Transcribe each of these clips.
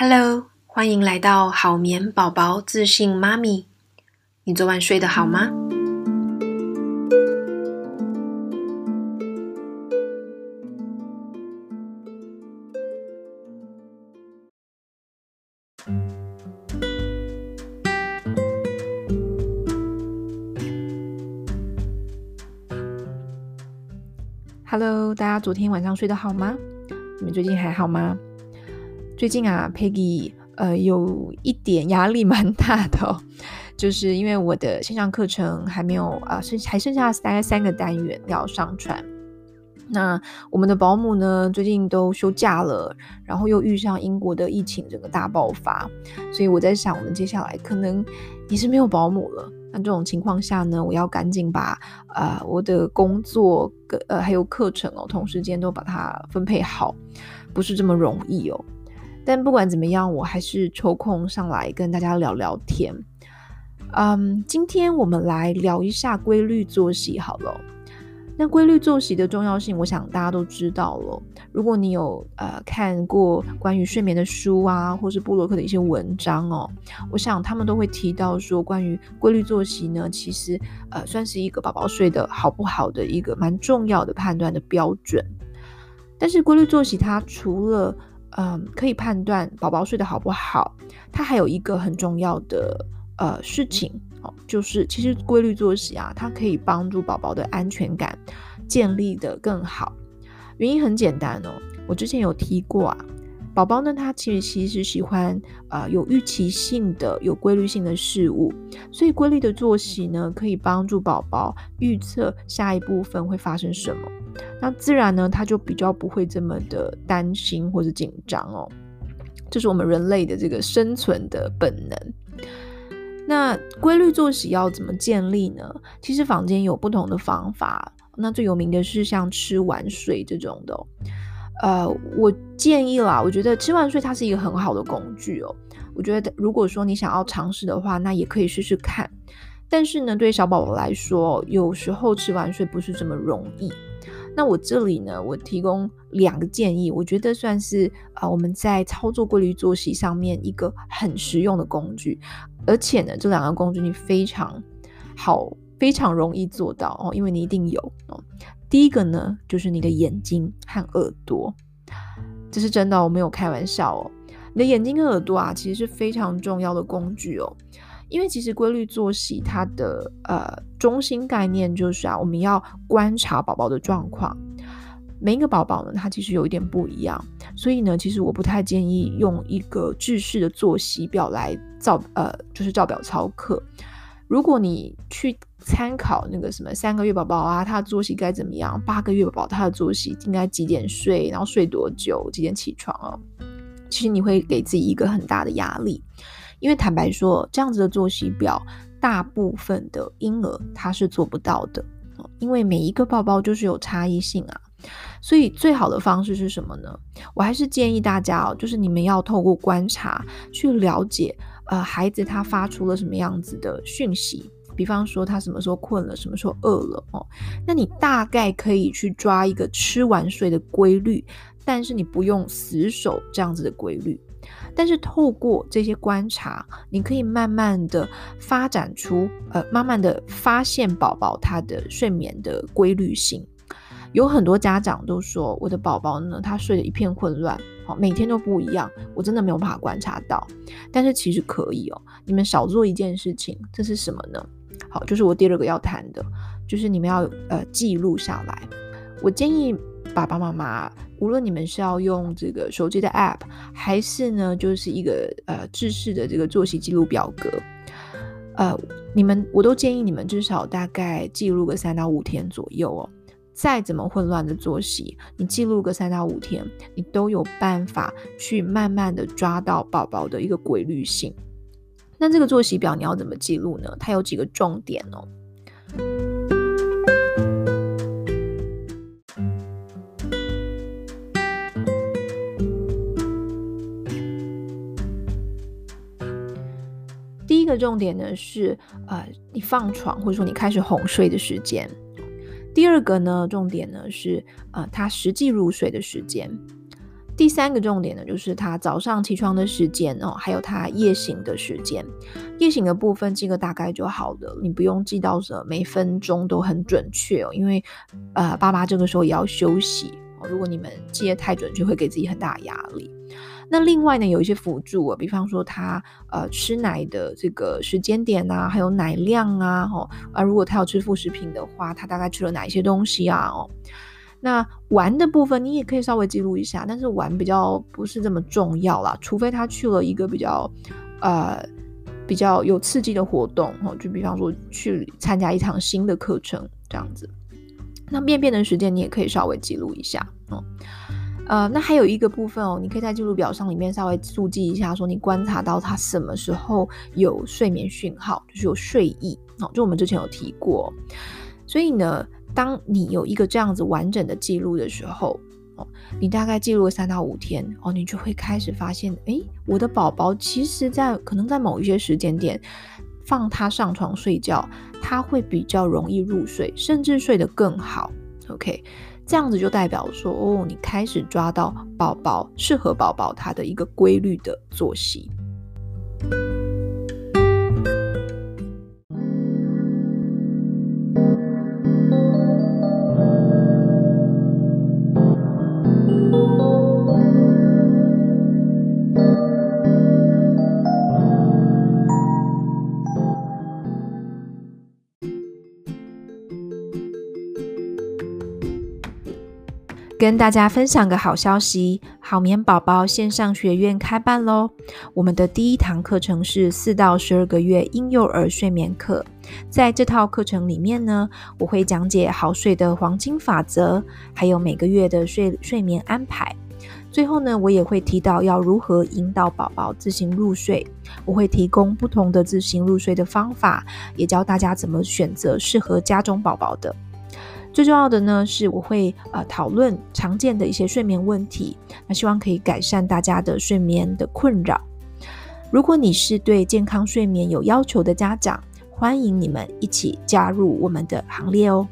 Hello，歡迎來到好眠寶寶自信媽咪。你昨晚睡得好嗎？Hello，大家昨天晚上睡得好嗎？你們最近還好嗎？最近啊，Peggy，呃，有一點壓力蠻大的哦，就是因為我的線上課程還沒有啊，剩、呃、還剩下大概三個單元要上傳。那我們的保姆呢，最近都休假了，然後又遇上英國的疫情這個大爆發，所以我在想，我們接下來可能也是沒有保姆了。那這種情況下呢，我要趕緊把呃我的工作跟呃還有課程哦，同時間都把它分配好，不是這麼容易哦。但不管怎麼樣，我還是抽空上來跟大家聊聊天。嗯，今天我們來聊一下規律作息好了。那規律作息的重要性，我想大家都知道了。如果你有呃看過關於睡眠的書啊，或是部落客的一些文章哦，我想他們都會提到說，關於規律作息呢，其實呃算是一個寶寶睡得好不好的一個蠻重要的判斷的標準。但是規律作息它除了嗯，可以判斷寶寶睡得好不好，它還有一個很重要的呃事情哦，就是其實規律作息啊，它可以幫助寶寶的安全感建立得更好。原因很簡單哦，我之前有提過啊。寶寶呢，他其實其實是喜歡啊、呃、有預期性的、有規律性的事物，所以規律的作息呢，可以幫助寶寶預測下一部分會發生什麼。那自然呢，他就比較不會這麼的擔心或者緊張哦。這是我們人類的這個生存的本能。那規律作息要怎麼建立呢？其實坊間有不同的方法，那最有名的是像吃玩睡這種的、哦。呃，我建議啦，我覺得吃完睡它是一個很好的工具哦。我覺得，如果說你想要嘗試的話，那也可以試試看。但是呢，對小寶寶來說，有時候吃完睡不是這麼容易。那我這裡呢，我提供兩個建議，我覺得算是啊、呃，我們在操作規律作息上面一個很實用的工具。而且呢，這兩個工具你非常好，非常容易做到哦，因為你一定有、哦。第一個呢，就是你的眼睛和耳朵，這是真的，我沒有開玩笑哦。你的眼睛跟耳朵啊，其實是非常重要的工具哦。因為其實規律作息，它的呃中心概念就是啊，我們要觀察寶寶的狀況。每一個寶寶呢，他其實有一點不一樣，所以呢，其實我不太建議用一個製式的作息表來照呃，就是照表操課。如果你去參考那個什麼三個月寶寶啊，他的作息該怎麼樣？八個月寶寶他的作息應該幾點睡，然後睡多久，幾點起床哦？其實你會給自己一個很大的壓力，因為坦白說，這樣子的作息表大部分的嬰兒他是做不到的，因為每一個寶寶就是有差異性啊。所以最好的方式是什麼呢？我還是建議大家哦，就是你們要透過觀察去了解，呃，孩子他發出了什麼樣子的訊息。比方說，他什麼時候困了，什麼時候餓了。哦，那你大概可以去抓一個吃完睡的規律，但是你不用死守這樣子的規律。但是透過這些觀察，你可以慢慢的發展出呃，慢慢的發現寶寶他的睡眠的規律性。有很多家長都說，我的寶寶呢，他睡得一片混亂，哦，每天都不一樣，我真的沒有辦法觀察到。但是其實可以哦，你們少做一件事情，這是什麼呢？好，就是我第二個要談的，就是你們要呃記錄下來。我建議爸爸媽媽，無論你們是要用這個手機的 App，還是呢，就是一個呃制式的這個作息記錄表格，呃，你們我都建議你們至少大概記錄個三到五天左右哦。再怎麼混亂的作息，你記錄個三到五天，你都有辦法去慢慢的抓到寶寶的一個規律性。那這個作息表你要怎麼記錄呢？它有幾個重點哦。第一個重點呢是，呃，你放床或者說你開始哄睡的時間。第二個呢，重點呢是，呃他實際入睡的時間。第三個重點呢，就是他早上起床的時間哦，還有他夜醒的時間。夜醒的部分記個大概就好了，你不用記到每分鐘都很準確哦，因為呃，爸爸這個時候也要休息。哦，如果你們記得太準確，會給自己很大壓力。那另外呢，有一些輔助哦，比方說他呃吃奶的這個時間點啊，還有奶量啊，哦，如果他要吃副食品的話，他大概吃了哪一些東西啊？哦。那玩的部分你也可以稍微記錄一下，但是玩比較不是這麼重要啦，除非他去了一個比較，呃，比較有刺激的活動，哦，就比方說去參加一場新的課程這樣子。那便便的時間你也可以稍微記錄一下，哦，呃，那還有一個部分哦，你可以在記錄表上裡面稍微速記一下，說你觀察到他什麼時候有睡眠訊號，就是有睡意，哦，就我們之前有提過，所以呢。當你有一個這樣子完整的記錄的時候，哦，你大概記錄了三到五天，哦，你就會開始發現，哎，我的寶寶其實在，在可能在某一些時間點放他上床睡覺，他會比較容易入睡，甚至睡得更好。OK，這樣子就代表說，哦，你開始抓到寶寶適合寶寶他的一個規律的作息。跟大家分享個好消息，好眠寶寶線上學院開辦嘍！我們的第一堂課程是四到十二個月嬰幼兒睡眠課，在這套課程裡面呢，我會講解好睡的黃金法則，還有每個月的睡睡眠安排。最後呢，我也會提到要如何引導寶寶自行入睡，我會提供不同的自行入睡的方法，也教大家怎麼選擇適合家中寶寶的。最重要的呢，是我會呃討論常見的一些睡眠問題，那希望可以改善大家的睡眠的困擾。如果你是對健康睡眠有要求的家長，歡迎你們一起加入我們的行列哦。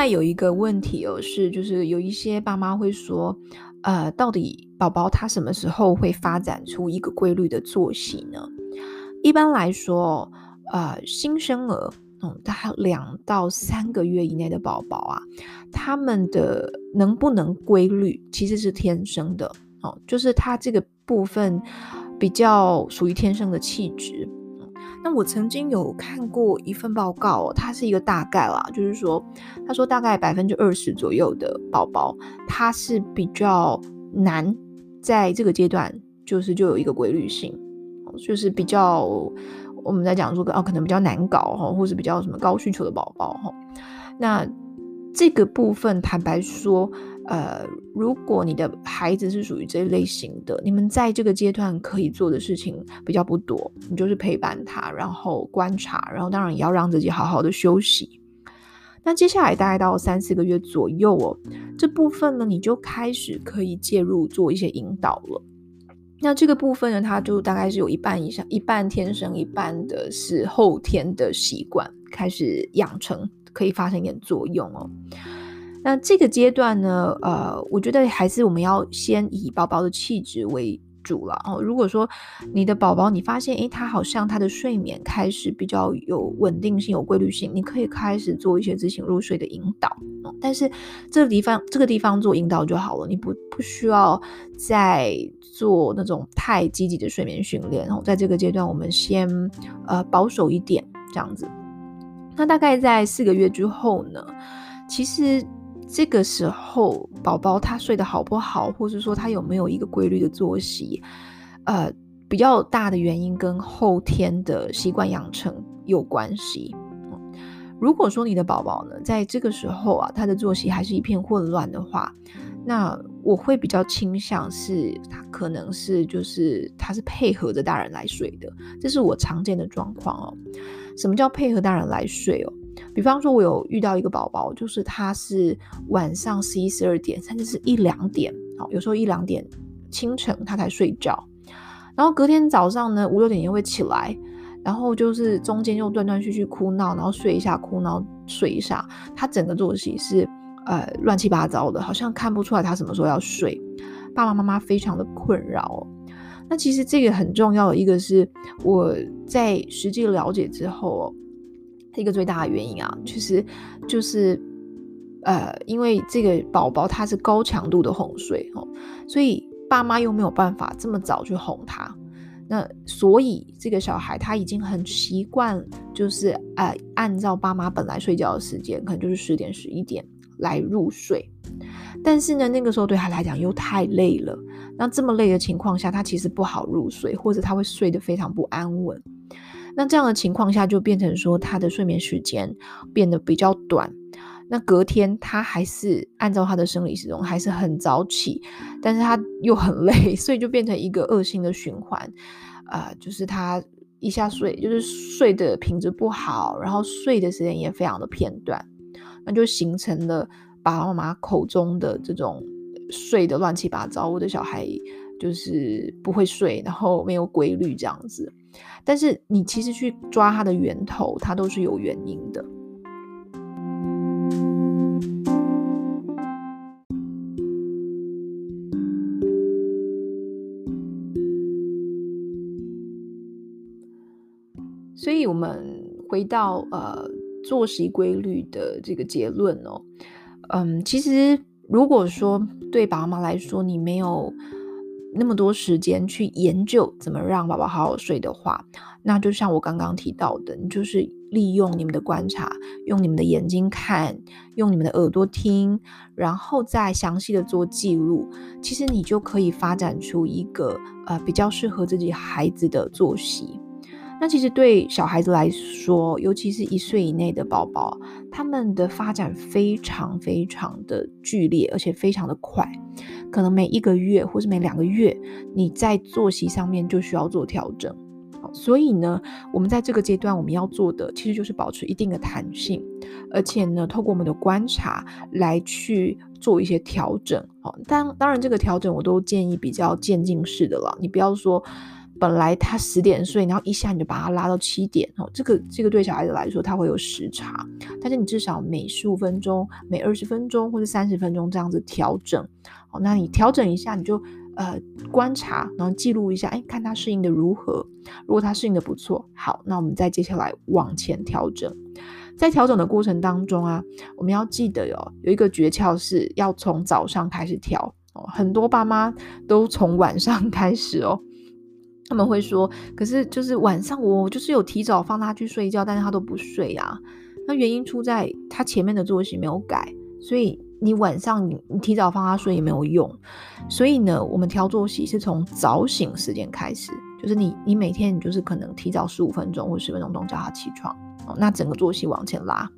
再有一個問題哦，是就是有一些爸媽會說，呃，到底寶寶他什麼時候會發展出一個規律的作息呢？一般來說，呃，新生兒，嗯，大概兩到三個月以內的寶寶啊，他們的能不能規律，其實是天生的哦，嗯，就是他這個部分比較屬於天生的氣質。那我曾經有看過一份報告，它是一個大概啦，就是說，他說大概百分之二十左右的寶寶，他是比較難在這個階段，就是就有一個規律性，就是比較，我們在講說哦，可能比較難搞或是比較什麼高需求的寶寶，那這個部分，坦白說。呃，如果你的孩子是屬於這一類型的，你們在這個階段可以做的事情比較不多，你就是陪伴他，然後觀察，然後當然也要讓自己好好的休息。那接下來大概到三四個月左右哦，這部分呢，你就開始可以介入做一些引導了。那這個部分呢，它就大概是有一半以上，一半天生，一半的是後天的習慣開始養成，可以發生一點作用哦。那這個階段呢，呃，我覺得還是我們要先以寶寶的氣質為主了哦。如果說你的寶寶你發現，哎，他好像他的睡眠開始比較有穩定性、有規律性，你可以開始做一些自行入睡的引導。嗯，但是這個地方這個地方做引導就好了，你不不需要再做那種太積極的睡眠訓練哦。在這個階段，我們先呃保守一點這樣子。那大概在四個月之後呢，其實。這個時候，寶寶他睡得好不好，或是說他有沒有一個規律的作息，呃，比較大的原因跟後天的習慣養成有關係。嗯，如果說你的寶寶呢，在這個時候啊，他的作息還是一片混亂的話，那我會比較傾向是，他可能是就是他是配合着大人來睡的，這是我常見的狀況哦。什麼叫配合大人來睡哦？比方說，我有遇到一個寶寶，就是他是晚上十一、十二點，甚至是一兩點，好，有時候一兩點清晨他才睡覺，然後隔天早上呢五六點就會起來，然後就是中間又斷斷續續哭鬧，然後睡一下哭鬧，鬧睡一下，他整個作息是呃亂七八糟的，好像看不出來他什麼時候要睡，爸爸媽、媽媽非常的困擾。那其實這個很重要的一個是，是我在實際了解之後。一個最大的原因啊，其實就是，呃，因為這個寶寶他是高強度的哄睡哦，所以爸媽又沒有辦法這麼早去哄他。那所以這個小孩他已經很習慣，就是，呃，按照爸媽本來睡覺的時間，可能就是十點十一點來入睡。但是呢，那個時候對他來講又太累了。那這麼累的情況下，他其實不好入睡，或者他會睡得非常不安穩。那這樣的情況下，就變成說他的睡眠時間變得比較短，那隔天他還是按照他的生理時鐘，還是很早起，但是他又很累，所以就變成一個惡性的循環，啊、呃，就是他一下睡，就是睡的品質不好，然後睡的時間也非常的片段，那就形成了爸爸媽媽口中的這種睡的亂七八糟，我的小孩就是不會睡，然後沒有規律這樣子。但是你其實去抓它的源頭，它都是有原因的。所以，我們回到呃作息規律的這個結論哦，嗯，其實如果說對爸媽來說，你沒有那麼多時間去研究怎麼讓寶寶好好睡的話，那就像我剛剛提到的，就是利用你們的觀察，用你們的眼睛看，用你們的耳朵聽，然後再詳細的做記錄，其實你就可以發展出一個呃比較適合自己孩子的作息。那其實對小孩子來說，尤其是一歲以內的寶寶，他們的發展非常非常的劇烈，而且非常的快，可能每一個月或是每兩個月，你在作息上面就需要做調整。所以呢，我們在這個階段，我們要做的其實就是保持一定的彈性，而且呢，透過我們的觀察來去做一些調整。好，當當然這個調整我都建議比較漸進式的了，你不要說。本來他十點睡，然後一下你就把他拉到七點哦。這個這個對小孩子來說，他會有時差。但是你至少每十五分鐘、每二十分鐘或者三十分鐘這樣子調整哦。那你調整一下，你就呃觀察，然後記錄一下，哎，看他適應的如何。如果他適應的不錯，好，那我們再接下來往前調整。在調整的過程當中啊，我們要記得喲、哦，有一個訣竅是要從早上開始調哦。很多爸媽都從晚上開始哦。他們會說，可是就是晚上我就是有提早放他去睡覺，但是他都不睡啊。那原因出在他前面的作息沒有改，所以你晚上你，你提早放他睡也沒有用。所以呢，我們調作息是從早醒時間開始，就是你你每天你就是可能提早十五分鐘或十分鐘鐘叫他起床，那整個作息往前拉，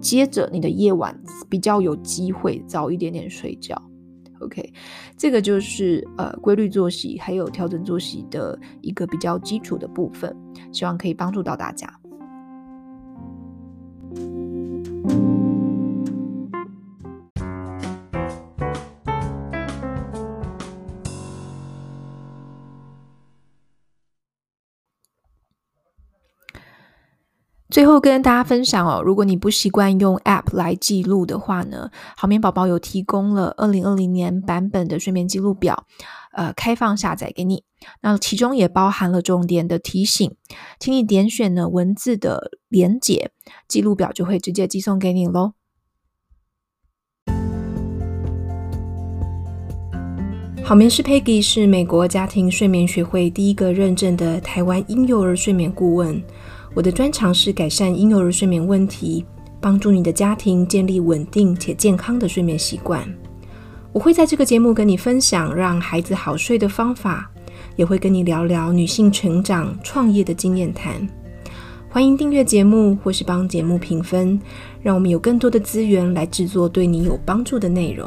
接着你的夜晚比較有機會早一點點睡覺。OK，這個就是呃規律作息，還有調整作息的一個比較基礎的部分，希望可以幫助到大家。最後跟大家分享哦，如果你不習慣用 App 來記錄的話呢，好眠寶寶有提供了二零二零年版本的睡眠記錄表，呃，開放下載給你。那其中也包含了重點的提醒，請你點選呢文字的連結，記錄表就會直接寄送給你嘍。好眠師 Peggy，是美國家庭睡眠學會第一個認證的台灣嬰幼兒睡眠顧問。我的專長是改善嬰幼兒睡眠問題，幫助你的家庭建立穩定且健康的睡眠習慣。我會在這個節目跟你分享讓孩子好睡的方法，也會跟你聊聊女性成長創業的經驗談。歡迎訂閱節目或是幫節目評分，讓我們有更多的資源來製作對你有幫助的內容。